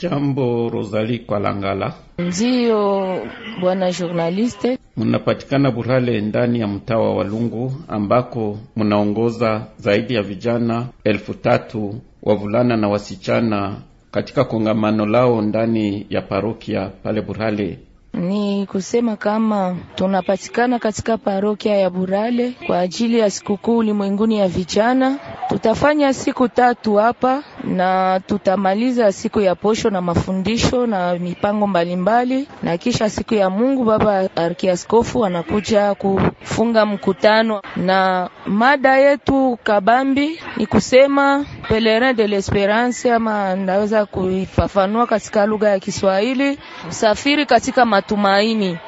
Jambo, Rosali kwa Ndiyo bwana journaliste, munapatikana Burale ndani ya mtaa wa Walungu ambako munaongoza zaidi ya vijana elfu tatu wavulana na wasichana katika kongamano lao ndani ya parokia pale Burale. Ni kusema kama tunapatikana katika parokia ya Burale kwa ajili ya sikukuu ulimwenguni ya vijana Tutafanya siku tatu hapa na tutamaliza siku ya posho na mafundisho na mipango mbalimbali mbali. Na kisha siku ya Mungu baba arkiaskofu anakuja kufunga mkutano, na mada yetu kabambi ni kusema pelerin de l'esperance, ama naweza kuifafanua katika lugha ya Kiswahili, usafiri katika matumaini.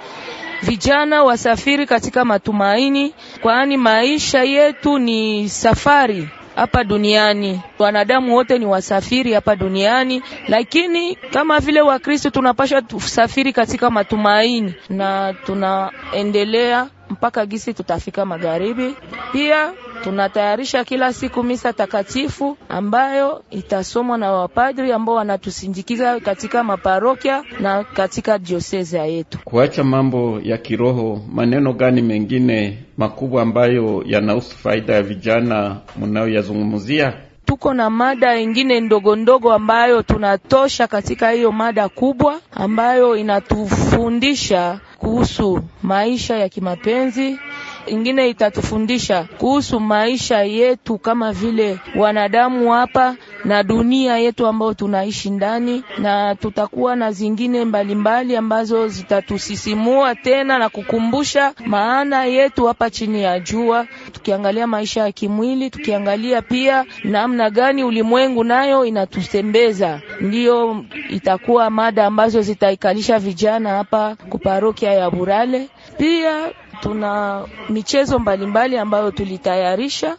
Vijana wasafiri katika matumaini, kwani maisha yetu ni safari hapa duniani. Wanadamu wote ni wasafiri hapa duniani, lakini kama vile Wakristo tunapasha tusafiri katika matumaini na tunaendelea mpaka gisi tutafika magharibi pia tunatayarisha kila siku misa takatifu ambayo itasomwa na wapadri ambao wanatusindikiza katika maparokia na katika dioseza yetu. Kuacha mambo ya kiroho, maneno gani mengine makubwa ambayo yanahusu faida ya vijana munayoyazungumzia? Tuko na mada ingine ndogo ndogo ambayo tunatosha katika hiyo mada kubwa ambayo inatufundisha kuhusu maisha ya kimapenzi, ingine itatufundisha kuhusu maisha yetu kama vile wanadamu hapa na dunia yetu ambayo tunaishi ndani, na tutakuwa na zingine mbalimbali mbali ambazo zitatusisimua tena na kukumbusha maana yetu hapa chini ya jua, tukiangalia maisha ya kimwili, tukiangalia pia namna gani ulimwengu nayo inatutembeza. Ndiyo itakuwa mada ambazo zitaikalisha vijana hapa kuparokia ya Burale pia tuna michezo mbalimbali mbali ambayo tulitayarisha.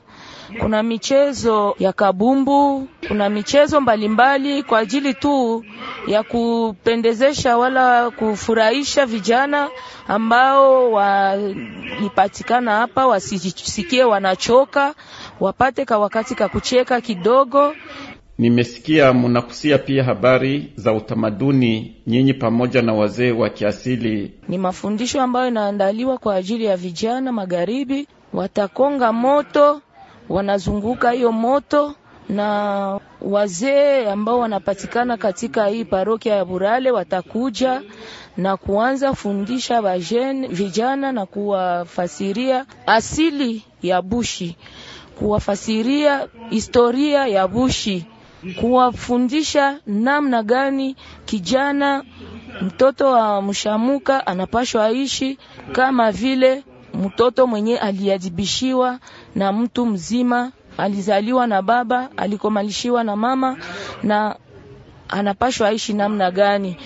Kuna michezo ya kabumbu, kuna michezo mbalimbali mbali kwa ajili tu ya kupendezesha wala kufurahisha vijana ambao walipatikana hapa, wasisikie wanachoka, wapate ka wakati ka kucheka kidogo. Nimesikia munakusia pia habari za utamaduni nyinyi pamoja na wazee wa kiasili. Ni mafundisho ambayo inaandaliwa kwa ajili ya vijana magharibi, watakonga moto, wanazunguka hiyo moto na wazee ambao wanapatikana katika hii parokia ya Burale watakuja na kuanza fundisha bajeni vijana na kuwafasiria asili ya Bushi, kuwafasiria historia ya Bushi kuwafundisha namna gani kijana mtoto wa mshamuka anapashwa aishi kama vile mtoto mwenye aliadhibishiwa na mtu mzima, alizaliwa na baba, alikomalishiwa na mama na anapashwa aishi namna gani,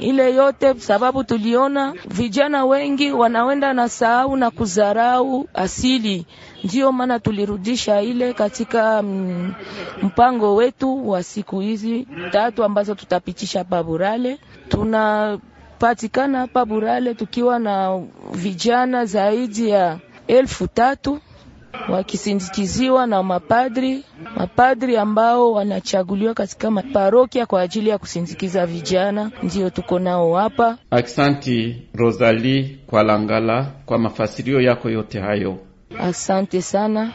ile yote sababu tuliona vijana wengi wanawenda na sahau na kuzarau asili. ndio maana tulirudisha ile katika mm, mpango wetu wa siku hizi tatu ambazo tutapitisha paburale tuna patikana hapa Burale tukiwa na vijana zaidi ya elfu tatu wakisindikiziwa na mapadri, mapadri ambao wanachaguliwa katika parokia kwa ajili ya kusindikiza vijana, ndiyo tuko nao hapa. Aksanti Rosalie kwa Langala kwa mafasirio yako yote hayo, asante sana.